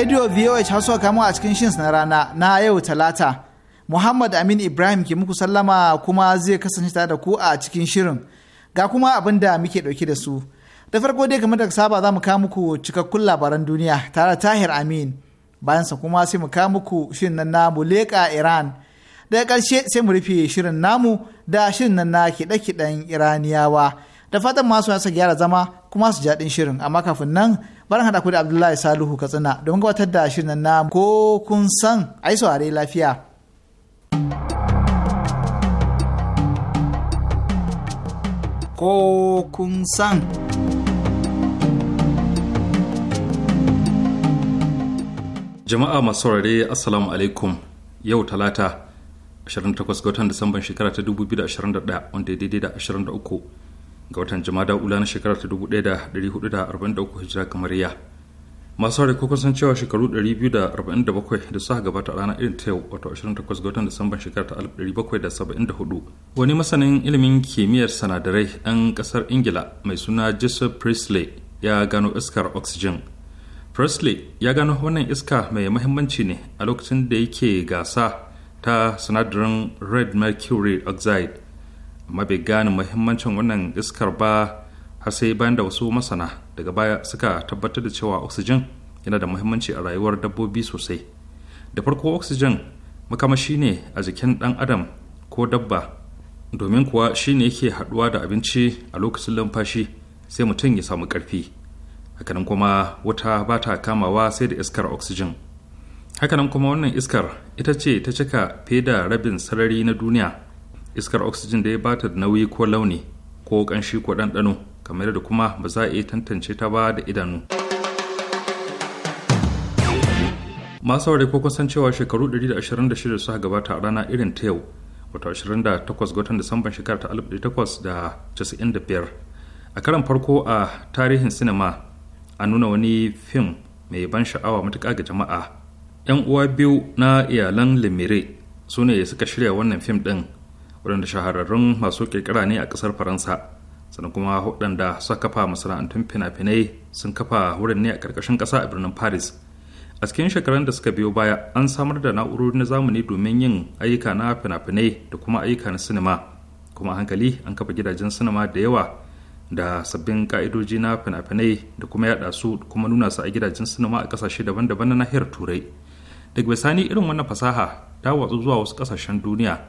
radio VOH hausa kamo a cikin shins na rana na yau talata muhammad amin ibrahim ke muku sallama kuma zai kasance tare da ku a cikin shirin ga kuma abin da muke dauke da su da farko dai kamar da saba za mu kawo muku cikakkun labaran duniya tare da tahir amin bayan kuma sai mu kawo muku shirin nan na muleka iran daga ƙarshe sai mu rufe shirin namu da shirin nan na kiɗe-kiɗen iraniyawa da fatan masu yasa gyara zama kuma su jaɗin shirin amma kafin nan barin haɗa ku da abdullahi saluhu katsina don gabatar da shirin na ko kun san ai saurare lafiya ko kun san jama'a masu saurare assalamu alaikum yau talata 28 ga watan disamban shekara ta 2021 wanda ya daidai da 23 ga watan jama'a ula na shekarar ta 1443 hijira kamar kamariya masu haure ko kusan cewa shekaru 247 da suka gabata a ranar irin ta yau wato 28 ga watan disamban shekarar ta 1774 wani masanin ilimin kimiyyar sanadarai ɗan ƙasar ingila mai suna joseph priestley ya gano iskar oxygen Presley ya gano wannan iska mai mahimmanci ne a lokacin da yake gasa ta sinadarin red mercury oxide amma bai gane muhimmancin wannan iskar ba har sai bayan da wasu masana daga baya suka tabbatar da cewa oxygen yana da muhimmanci a rayuwar dabbobi sosai da farko oxygen makamashi ne a jikin dan adam ko dabba domin kuwa shi ne yake haɗuwa da abinci a lokacin lumfashi sai mutum ya samu karfi hakanan kuma wuta ba ta kamawa sai da iskar oxygen hakanan kuma wannan iskar ita ce ta cika fiye da rabin sarari na duniya iskar oxygen da ya bata da nauyi ko launi ko ƙanshi ko ɗanɗano kamar da kuma ba za a iya tantance ta ba da idanu masu aure ko kusan cewa shekaru 126 suka gabata a rana irin ta yau wato 28 ga watan disamban shekarar ta 1895 a karan farko a tarihin sinima a nuna wani fim mai ban sha'awa matuƙa ga jama'a 'yan uwa biyu na iyalan lemire su ne suka shirya wannan fim ɗin waɗanda shahararrun masu ƙirƙira ne a ƙasar faransa sannan kuma waɗanda suka kafa masana'antun fina-finai sun kafa wurin ne a ƙarƙashin ƙasa a birnin paris a cikin shekarun da suka biyo baya an samar da na'urori na zamani domin yin ayyuka na fina-finai da kuma ayyuka na sinima kuma hankali an kafa gidajen sinima da yawa da sabbin ka'idoji na fina-finai da kuma yaɗa su kuma nuna su a gidajen sinima a kasashe daban-daban na nahiyar turai daga bisani irin wannan fasaha ta watsu zuwa wasu kasashen duniya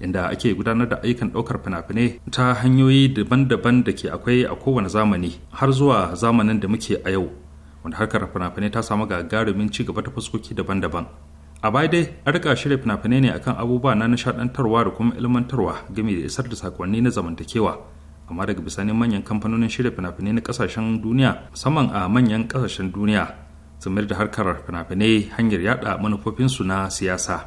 inda ake gudanar da ayyukan ɗaukar fina-finai ta hanyoyi daban-daban da ke akwai a kowane zamani har zuwa zamanin da muke a yau wanda harkar fina-finai ta samu gagarumin ci gaba ta fuskoki daban-daban a baya dai an rika shirya fina-finai ne akan abubuwa na nishaɗantarwa da kuma ilmantarwa game da isar da sakonni na zamantakewa amma daga bisanin manyan kamfanonin shirya fina-finai na kasashen duniya musamman a manyan kasashen duniya sun mayar da harkar fina-finai hanyar yada manufofinsu na siyasa.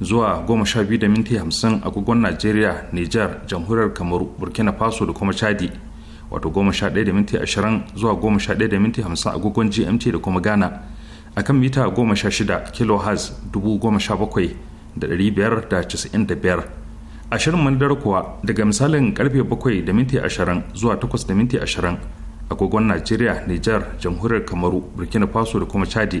zuwa goma sha biyu da minti agogon najeriya nijar jamhuriyar kamaru burkina faso da kuma chadi wato goma sha ɗaya da minti zuwa goma sha ɗaya agogon gmt da kuma ghana a kan mita goma sha shida kilohertz dubu goma sha bakwai da biyar da da biyar ashirin manadar kuwa daga misalin karfe bakwai da minti ashirin zuwa takwas da minti ashirin agogon najeriya nijar jamhuriyar kamaru burkina faso da kuma chadi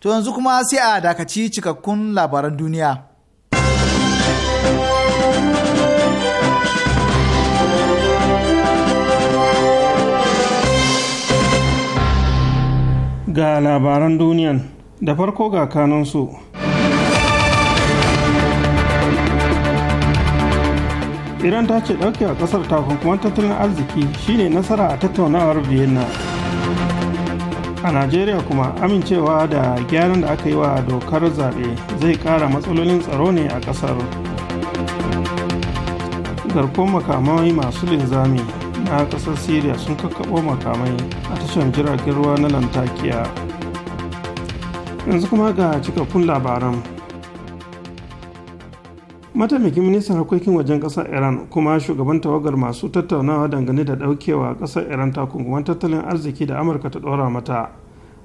To yanzu kuma sai a dakaci cikakkun labaran duniya. Ga labaran duniyan da farko ga kanansu. Iran ta ce ɗauke a ƙasar takunkuman tattalin arziki shine nasara a tattaunawar Vienna. a najeriya kuma amincewa da gyaran da aka yi wa dokar zaɓe zai ƙara matsalolin tsaro ne a ƙasar garkon makamai masu linzami na ƙasar syria sun kakkaɓo makamai a tashar jiragen ruwa na lantarkiya. yanzu kuma ga cikakkun labaran mataimakin ministan harkokin wajen ƙasar iran kuma shugaban tawagar masu tattaunawa dangane da daukewa ƙasar iran takunkuman tattalin arziki da amurka ta dora mata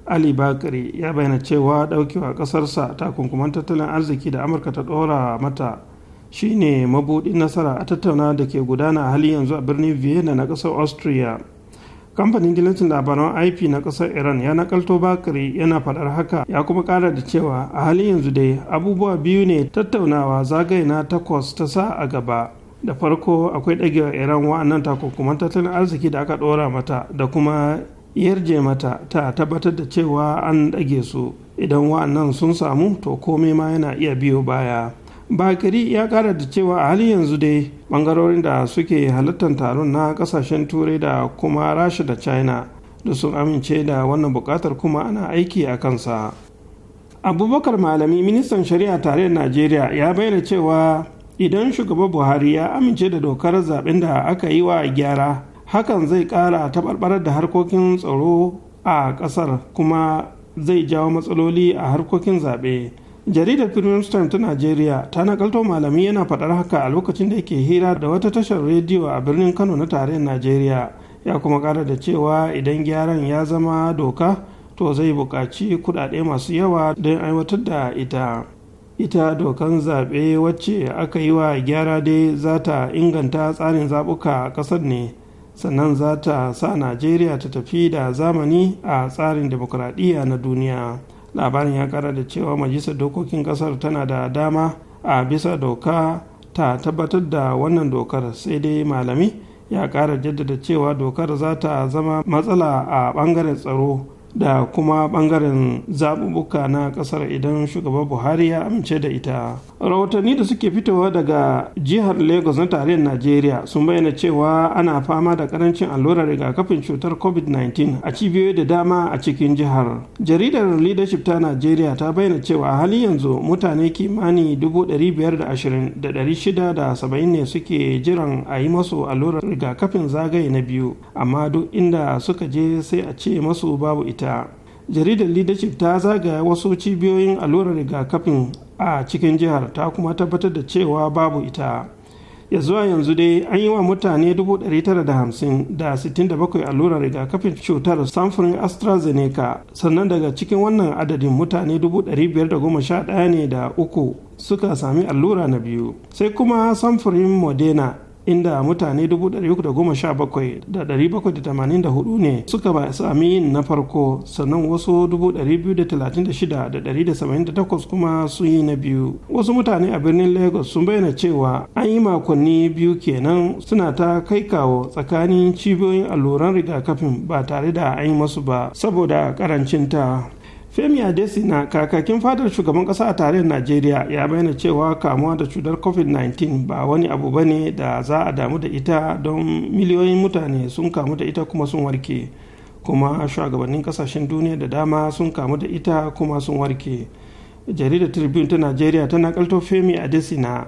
ali bakari ya bayyana cewa daukewa kasarsa takunkuman tattalin arziki da amurka ta dora mata shine mabuɗin nasara a tattaunawa da ke gudana a hali yanzu a birnin vienna na ƙasar austria kamfanin dilancin labaran ip na kasar iran ya nakalto bakari yana faɗar haka ya kuma ƙara da cewa a halin yanzu dai abubuwa biyu ne tattaunawa zagaye na takwas ta sa a gaba da farko akwai ɗagewa iran wa'annan takunkuman tattalin arziki da aka ɗora mata da kuma yarje mata ta tabbatar da cewa an ɗage su idan wa'annan sun samu to komai ma yana iya biyo baya bakari ya kara da cewa a halin yanzu dai bangarorin da suke halartar taron na kasashen turai da kuma rasha da china da sun amince da wannan bukatar kuma ana aiki a kansa abubakar malami ministan shari'a da najeriya ya bayyana cewa idan shugaba buhari ya amince da dokar zaben da aka yi wa gyara hakan zai kara taɓarɓarar da harkokin tsaro a ƙasar kuma zai jawo matsaloli a harkokin zaɓe jaridar premium ta najeriya ta nakalto malami yana faɗar haka a lokacin da yake hira da wata tashar rediyo a birnin kano na tarayyar najeriya ya kuma ƙara da cewa idan gyaran ya zama doka to zai buƙaci kuɗaɗe masu yawa don aiwatar da ita ita dokan zaɓe wacce aka yi wa gyara dai za ta inganta tsarin zaɓuka a ƙasar ne sannan za ta sa najeriya ta tafi da zamani a tsarin demokuraɗiyya na duniya labarin ya kara da cewa majalisar dokokin kasar tana da dama a bisa doka ta tabbatar da wannan dokar sai dai malami ya kara jaddada cewa dokar za ta zama matsala a bangaren tsaro da kuma bangaren zaɓuɓɓuka na ƙasar idan shugaban buhari ya amince da ita rahotanni da suke fitowa daga jihar lagos na tarayyar najeriya sun bayyana cewa ana fama da karancin allurar rigakafin cutar covid-19 a cibiyoyi da dama a cikin jihar jaridar leadership ta najeriya ta bayyana cewa a halin yanzu mutane kimani 520,670 ne suke jiran a yi masu allurar rigakafin zagaye na biyu amma duk inda suka je sai a ce masu babu ita ita jaridar leadership ta zagaya wasu cibiyoyin allurar rigakafin a cikin jihar ta kuma tabbatar da cewa babu ita ya zuwa yanzu dai an yi wa mutane da 67 allurar rigakafin cutar samfurin astrazeneca sannan daga cikin wannan adadin mutane 511 ne da uku suka sami allura na biyu sai kuma samfurin modena inda mutane 317,784 ne suka ba sami yin na farko sannan wasu 236,178 kuma sun yi na biyu wasu mutane a birnin lagos sun bayyana cewa an yi makonni biyu kenan suna ta kai kawo tsakanin cibiyoyin alluran rigakafin ba tare da an yi masu ba saboda karancinta femi adesina kakakin fadar shugaban kasa a tarayyar najeriya ya bayyana cewa kamuwa da cutar covid-19 ba wani abu ba ne da za a damu da ita don miliyoyin mutane sun kamu da ita kuma sun warke kuma shugabannin kasashen duniya da dama sun kamu da ita kuma sun warke jaridar tribune ta najeriya tana kalto femi adesina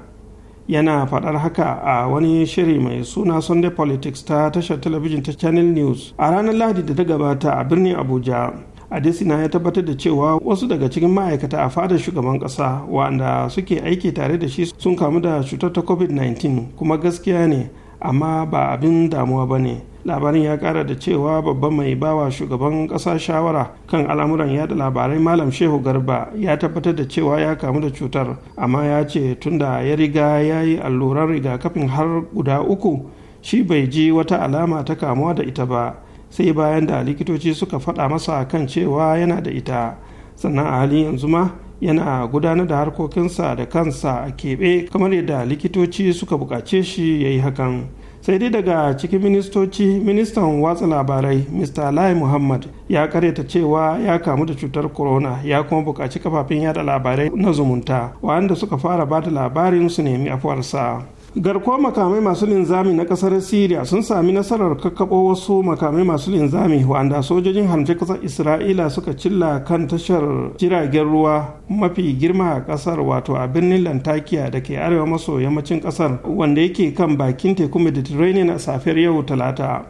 yana faɗar haka a wani shiri mai suna sunday politics ta tashar talabijin ta channel news a ranar lahadi da ta gabata a birnin abuja adesina ya tabbatar da cewa wasu daga cikin ma'aikata a fadar shugaban kasa wanda suke aiki tare da shi sun kamu da cutar ta covid-19 kuma gaskiya ne amma ba abin damuwa ba ne labarin ya kara da cewa babban mai bawa shugaban kasa shawara kan al'amuran yada labarai malam shehu garba ya tabbatar da cewa ya kamu da cutar amma ya ce tunda ya riga ya yi alluran rigakafin har guda uku shi bai ji wata alama ta kamuwa da ita ba sai bayan da likitoci suka faɗa masa kan cewa yana da ita sannan a halin yanzu ma yana gudanar da harkokinsa da kansa a keɓe kamar yadda likitoci suka buƙace shi ya yi hakan sai dai daga cikin ministoci ministan watsa labarai mr lai muhammad ya karyata cewa ya kamu da cutar corona ya kuma buƙaci kafafen yada labarai na zumunta wanda suka fara bada da labarin su nemi afuwarsa garkuwar makamai masu linzami na kasar syria sun sami nasarar kakkaɓo wasu makamai masu linzami wanda sojojin harmce kasar isra'ila suka cilla kan tashar jiragen ruwa mafi girma a kasar wato a birnin lantakiya da ke arewa maso yammacin kasar wanda yake kan bakin teku mediterranean a safiyar yau talata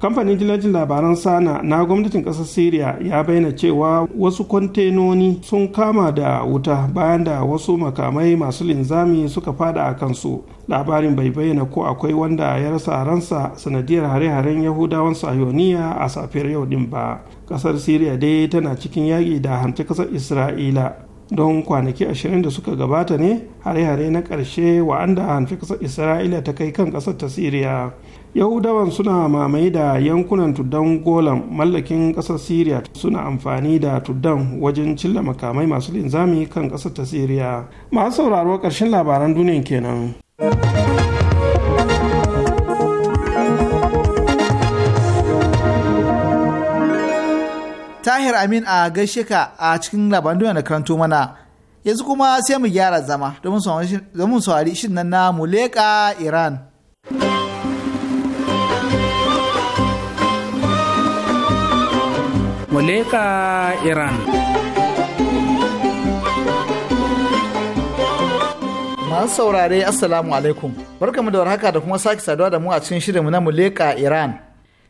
kamfanin jilajin labaran sana na gwamnatin kasar syria ya bayyana cewa wasu kwantenoni sun kama da wuta bayan da wasu makamai masu linzami suka fada a kansu labarin bai bayyana ko akwai wanda ya rasa ransa sanadiyar hare-haren yahudawan sayoniya a safiyar yau din ba kasar syria dai tana cikin yaƙi da hanci kasar isra'ila don kwanaki ashirin da suka gabata ne hare-hare na ƙarshe wa'anda hanfi ƙasar isra'ila ta kai kan ƙasar ta siriya yahudawan suna mamaye da yankunan tuddan golan mallakin ƙasar siriya suna amfani da tuddan wajen cilla makamai masu linzami kan ƙasar ta siriya masu sauraro ƙarshen labaran duniya kenan. tahir amin a gaishe ka a cikin labaran duniya da karanto mana yanzu kuma sai mu gyara zama domin saurari shin nan na muleka iran muleka iran masu saurare assalamu alaikum barkamu da warhaka da kuma sake saduwa da mu a cikin shirinmu na muleka iran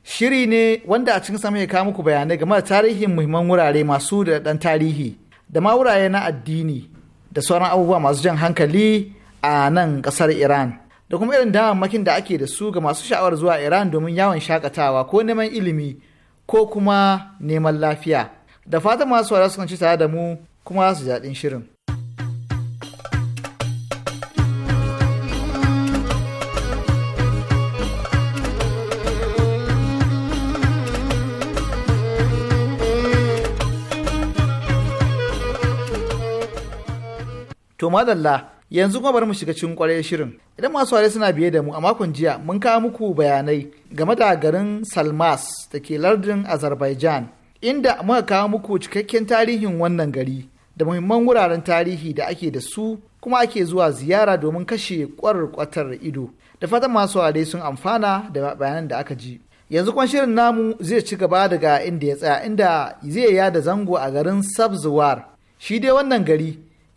Shiri ne wanda a cikin sama ya kawo muku bayanai game da tarihin muhimman wurare masu da ɗan tarihi da ma wurare na addini da sauran abubuwa masu jan hankali a nan ƙasar Iran. Da kuma irin damammakin da ake da su ga masu sha'awar zuwa Iran domin yawon shakatawa ko neman ilimi ko kuma neman lafiya. Da fatan masu wara sukan ci tare da mu kuma su jaɗin shirin. To madalla yanzu kuma bari mu shiga cikin kwarai shirin. Idan masu ware suna biye da mu a makon jiya mun kawo muku bayanai game da garin Salmas da ke lardin Azerbaijan inda muka kawo muku cikakken tarihin wannan gari da muhimman wuraren tarihi da ake da su kuma ake zuwa ziyara domin kashe kwarar ido. Da fatan masu ware sun amfana da bayanan da aka ji. yanzu kwan shirin namu zai ci gaba daga inda ya tsaya inda zai yada zango a garin sabzuwar shi dai wannan gari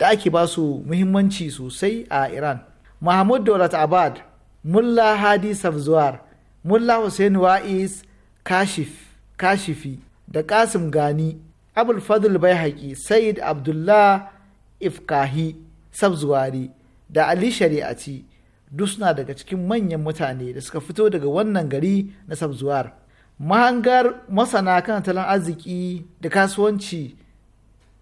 da ake ba su muhimmanci sosai a iran mahmud daulat abad mulla hadi (sabzuwar), mulla hussein wa'is kashif kashifi da kasim gani abul bai bai said abdullah ifkahi sabzuwari da ali shari'aci duk suna daga cikin manyan mutane da suka fito daga wannan gari na sabzuwar mahangar masana kan talon arziki da kasuwanci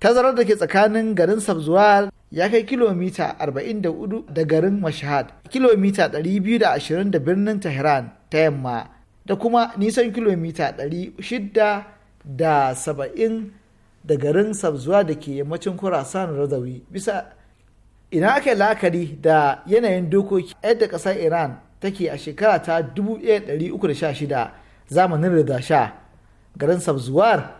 tazarar da ke tsakanin garin sabzuwar ya kai kilomita 44 da garin mashahad kilomita 220 da birnin tehran ta yamma da kuma nisan kilomita 670 da garin sabzuwa da ke yammacin kurasan radawi bisa ina aka yi la'akari da yanayin dokoki yadda ƙasar iran take a shekara ta 1316 zamanin rida sha garin sabzuwar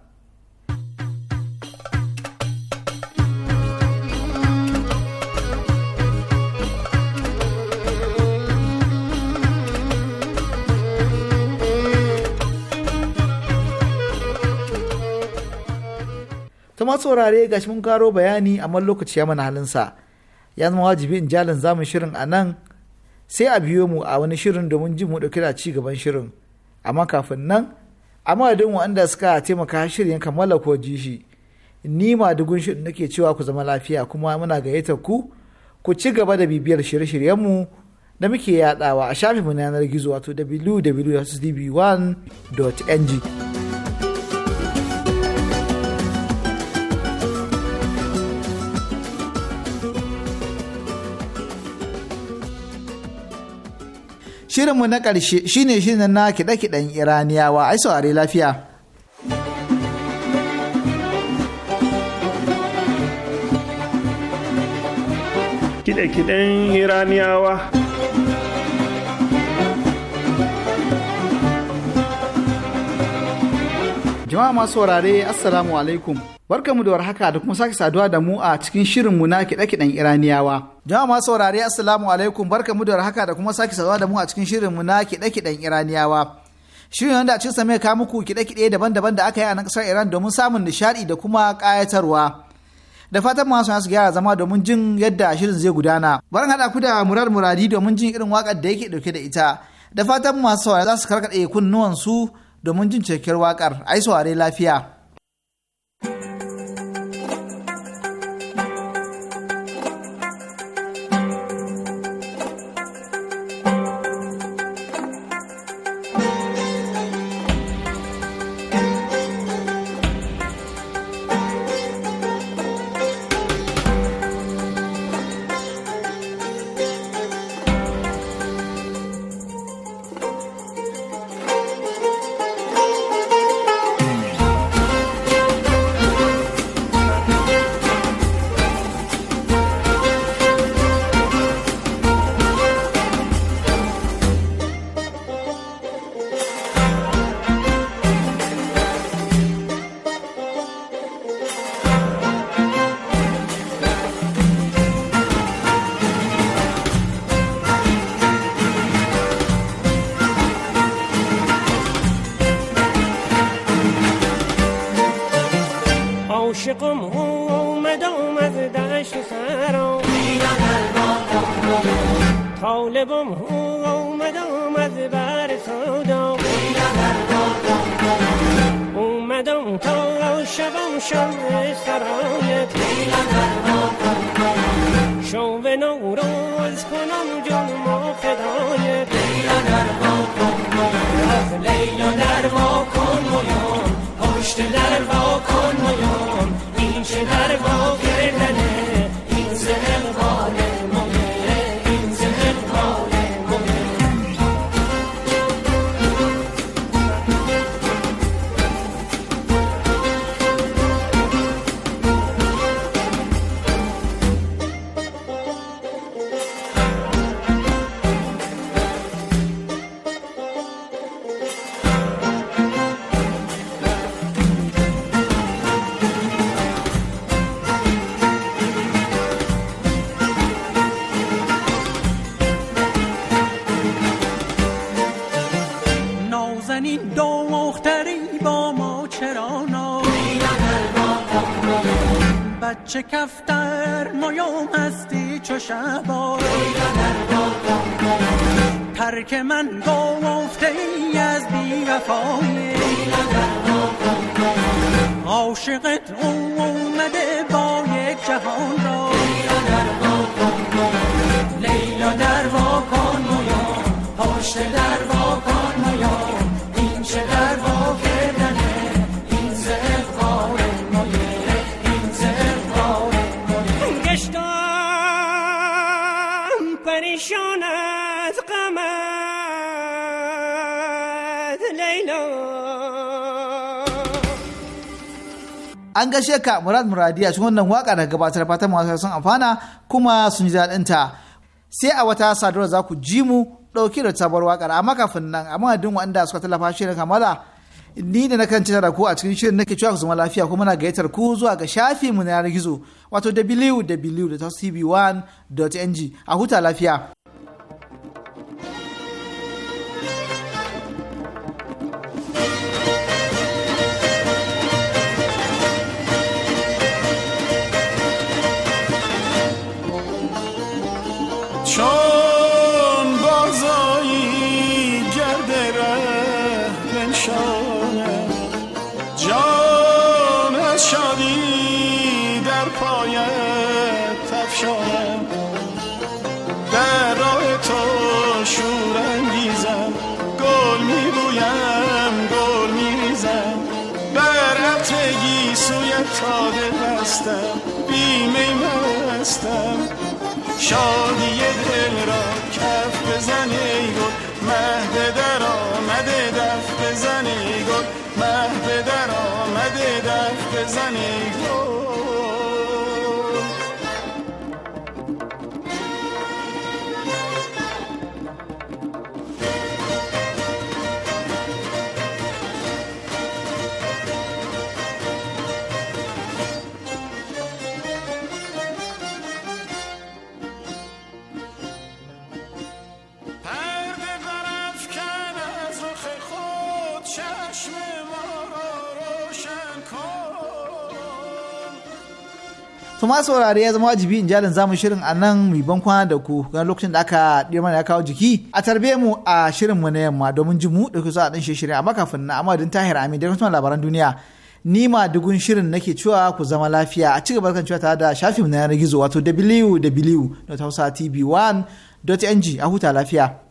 ta ma saurare gashi mun karo bayani amma lokaci ya mana halin sa ya zama wajibi in jalin zamun shirin a nan sai a biyo mu a wani shirin domin jin mu dauki da ci gaban shirin amma kafin nan a madadin wanda suka taimaka shirin kammala ko ji shi ni ma dugun shirin nake cewa ku zama lafiya kuma muna gayyatar ku ku ci gaba da bibiyar shirye shiryen mu da muke yadawa a shafinmu na yanar gizo wato www.db1.ng shirinmu na ƙarshe shine shirin na kiɗe-kiɗen iraniyawa ai saurari lafiya kiɗe-kiɗen iraniyawa Jama'a masu saurare Assalamu alaikum. Barkamu da warhaka da kuma sake saduwa da mu a cikin shirin mu na kiɗe-kiɗen Iraniyawa. Jama'a masu saurare Assalamu alaikum. Barkamu da warhaka da kuma sake saduwa da mu a cikin shirin mu na kiɗe-kiɗen Iraniyawa. Shirin wanda a cikin sa mai ka muku kiɗe-kiɗe daban-daban da aka yi a nan ƙasar Iran domin samun nishaɗi da kuma ƙayatarwa. Da fatan masu su gyara zama domin jin yadda shirin zai gudana. Bari haɗa ku da Murar Muradi domin jin irin waƙar da yake ɗauke da ita. Da fatan masu saurare za su karkaɗe kunnuwansu su domin jin cekar waƙar ai saurare lafiya. ترک من گفته ای از بیوفایی عاشقت او اومده با یک جهان را لیلا در واکن لیلا در واکن پشت در واکن an gaishe ka murad muradiya cikin wannan waka daga gabatar fatan masu sun amfana kuma sun ji daɗin ta sai a wata sadarwa za ku ji mu ɗauki da sabuwar wakar amma kafin nan amma duk wanda suka tallafa shirin kamala ni da nakan ci da ku a cikin shirin nake cewa ku zama lafiya kuma na gayyatar ku zuwa ga shafi mu na yanar gizo wato www.tv1.ng a huta lafiya به در آمده دفت زنی گفت ma saurare ya zama wajibi in jalin zamu shirin a nan mu ban kwana da ku ga lokacin da aka ɗiya mana ya kawo jiki a tarbe mu a shirin mu na yamma domin ji mu da ku a ɗan shirin a makafin na amadin tahir amin da kuma labaran duniya ni ma dugun shirin nake cewa ku zama lafiya a ci gaba kan cewa tare da shafin na yanar gizo wato www.hausatv1.ng a huta lafiya.